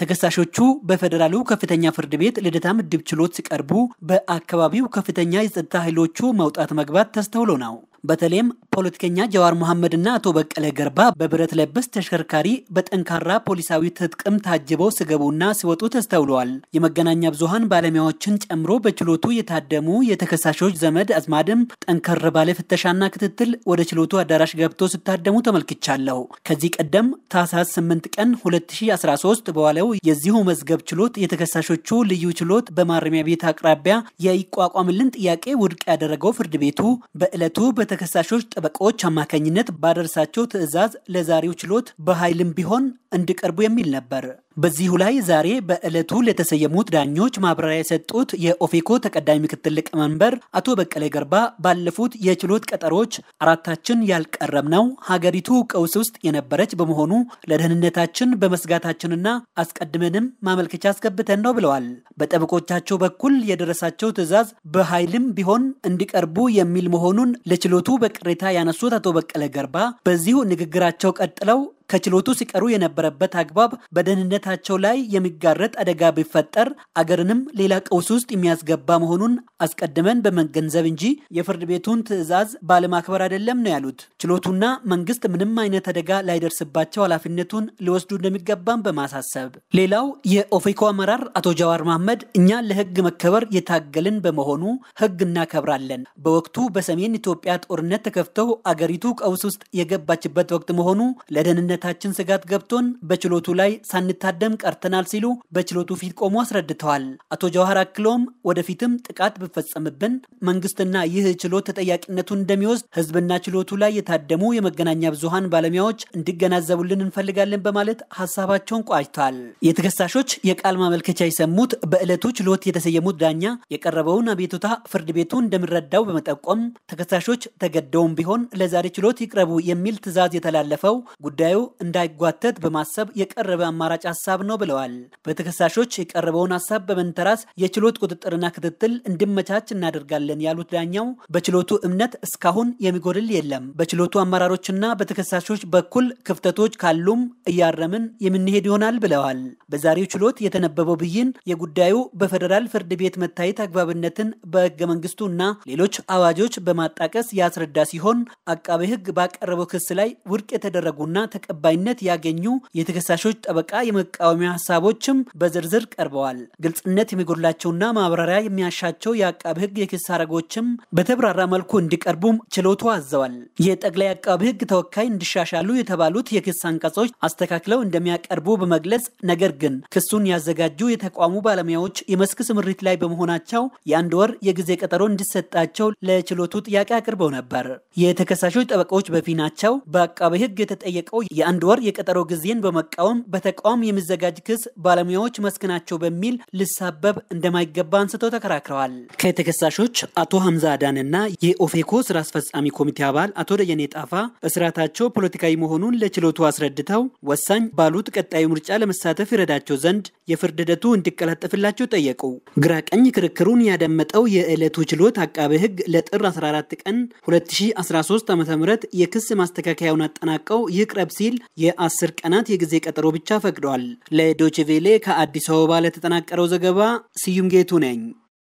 ተከሳሾቹ በፌዴራሉ ከፍተኛ ፍርድ ቤት ልደታ ምድብ ችሎት ሲቀርቡ በአካባቢው ከፍተኛ የጸጥታ ኃይሎቹ መውጣት መግባት ተስተውሎ ነው። በተለይም ፖለቲከኛ ጀዋር መሐመድና አቶ በቀለ ገርባ በብረት ለበስ ተሽከርካሪ በጠንካራ ፖሊሳዊ ትጥቅም ታጅበው ሲገቡና ሲወጡ ተስተውለዋል። የመገናኛ ብዙኃን ባለሙያዎችን ጨምሮ በችሎቱ የታደሙ የተከሳሾች ዘመድ አዝማድም ጠንከር ባለ ፍተሻና ክትትል ወደ ችሎቱ አዳራሽ ገብቶ ሲታደሙ ተመልክቻለሁ። ከዚህ ቀደም ታህሳስ 8 ቀን 2013 በዋለው የዚሁ መዝገብ ችሎት የተከሳሾቹ ልዩ ችሎት በማረሚያ ቤት አቅራቢያ የይቋቋምልን ጥያቄ ውድቅ ያደረገው ፍርድ ቤቱ በዕለቱ በተከሳሾች ጠበቃዎች አማካኝነት ባደረሳቸው ትዕዛዝ ለዛሬው ችሎት በኃይልም ቢሆን እንዲቀርቡ የሚል ነበር። በዚሁ ላይ ዛሬ በዕለቱ ለተሰየሙት ዳኞች ማብራሪያ የሰጡት የኦፌኮ ተቀዳሚ ምክትል ሊቀመንበር አቶ በቀለ ገርባ ባለፉት የችሎት ቀጠሮች አራታችን ነው ሀገሪቱ ቀውስ ውስጥ የነበረች በመሆኑ ለደህንነታችን በመስጋታችንና አስቀድመንም ማመልከቻ አስገብተን ነው ብለዋል። በጠበቆቻቸው በኩል የደረሳቸው ትዕዛዝ በኃይልም ቢሆን እንዲቀርቡ የሚል መሆኑን ለችሎቱ በቅሬታ ያነሱት አቶ በቀለ ገርባ በዚሁ ንግግራቸው ቀጥለው ከችሎቱ ሲቀሩ የነበረበት አግባብ በደህንነታቸው ላይ የሚጋረጥ አደጋ ቢፈጠር አገርንም ሌላ ቀውስ ውስጥ የሚያስገባ መሆኑን አስቀድመን በመገንዘብ እንጂ የፍርድ ቤቱን ትዕዛዝ ባለማክበር አይደለም ነው ያሉት። ችሎቱና መንግስት ምንም አይነት አደጋ ላይደርስባቸው ኃላፊነቱን ሊወስዱ እንደሚገባም በማሳሰብ ሌላው የኦፌኮ አመራር አቶ ጀዋር መሐመድ እኛ ለህግ መከበር የታገልን በመሆኑ ህግ እናከብራለን። በወቅቱ በሰሜን ኢትዮጵያ ጦርነት ተከፍተው አገሪቱ ቀውስ ውስጥ የገባችበት ወቅት መሆኑ ለደህንነት የደህንነታችን ስጋት ገብቶን በችሎቱ ላይ ሳንታደም ቀርተናል ሲሉ በችሎቱ ፊት ቆሞ አስረድተዋል። አቶ ጀዋሃር አክሎም ወደፊትም ጥቃት ብፈጸምብን መንግስትና ይህ ችሎት ተጠያቂነቱን እንደሚወስድ ህዝብና ችሎቱ ላይ የታደሙ የመገናኛ ብዙሃን ባለሙያዎች እንዲገናዘቡልን እንፈልጋለን በማለት ሀሳባቸውን ቋጭቷል። የተከሳሾች የቃል ማመልከቻ የሰሙት በዕለቱ ችሎት የተሰየሙት ዳኛ የቀረበውን አቤቱታ ፍርድ ቤቱ እንደሚረዳው በመጠቆም ተከሳሾች ተገደውም ቢሆን ለዛሬ ችሎት ይቅረቡ የሚል ትዕዛዝ የተላለፈው ጉዳዩ እንዳይጓተት በማሰብ የቀረበ አማራጭ ሀሳብ ነው ብለዋል። በተከሳሾች የቀረበውን ሀሳብ በመንተራስ የችሎት ቁጥጥርና ክትትል እንዲመቻች እናደርጋለን ያሉት ዳኛው በችሎቱ እምነት እስካሁን የሚጎድል የለም። በችሎቱ አመራሮችና በተከሳሾች በኩል ክፍተቶች ካሉም እያረምን የምንሄድ ይሆናል ብለዋል። በዛሬው ችሎት የተነበበው ብይን የጉዳዩ በፌዴራል ፍርድ ቤት መታየት አግባብነትን በህገ እና ሌሎች አዋጆች በማጣቀስ ያስረዳ ሲሆን አቃቤ ህግ ባቀረበው ክስ ላይ ውድቅ የተደረጉና ተቀ ተቀባይነት ያገኙ የተከሳሾች ጠበቃ የመቃወሚያ ሀሳቦችም በዝርዝር ቀርበዋል። ግልጽነት የሚጎድላቸውና ማብራሪያ የሚያሻቸው የአቃቢ ህግ የክስ አረጎችም በተብራራ መልኩ እንዲቀርቡም ችሎቱ አዘዋል። የጠቅላይ አቃቢ ህግ ተወካይ እንዲሻሻሉ የተባሉት የክስ አንቀጾች አስተካክለው እንደሚያቀርቡ በመግለጽ ነገር ግን ክሱን ያዘጋጁ የተቋሙ ባለሙያዎች የመስክ ስምሪት ላይ በመሆናቸው የአንድ ወር የጊዜ ቀጠሮ እንዲሰጣቸው ለችሎቱ ጥያቄ አቅርበው ነበር። የተከሳሾች ጠበቃዎች በፊናቸው በአቃቢ ህግ የተጠየቀው የአንድ ወር የቀጠሮ ጊዜን በመቃወም በተቃውም የሚዘጋጅ ክስ ባለሙያዎች መስክናቸው በሚል ልሳበብ እንደማይገባ አንስተው ተከራክረዋል። ከተከሳሾች አቶ ሀምዛ አዳንና የኦፌኮ ስራ አስፈጻሚ ኮሚቴ አባል አቶ ደጀኔ ጣፋ እስራታቸው ፖለቲካዊ መሆኑን ለችሎቱ አስረድተው ወሳኝ ባሉት ቀጣዩ ምርጫ ለመሳተፍ ይረዳቸው ዘንድ የፍርድ ሂደቱ እንዲቀላጠፍላቸው ጠየቁ። ግራ ቀኝ ክርክሩን ያደመጠው የዕለቱ ችሎት አቃቤ ሕግ ለጥር 14 ቀን 2013 ዓ ም የክስ ማስተካከያውን አጠናቀው ይቅረብ ሲል በሚል የአስር ቀናት የጊዜ ቀጠሮ ብቻ ፈቅደዋል። ለዶችቬሌ ከአዲስ አበባ ለተጠናቀረው ዘገባ ስዩም ጌቱ ነኝ።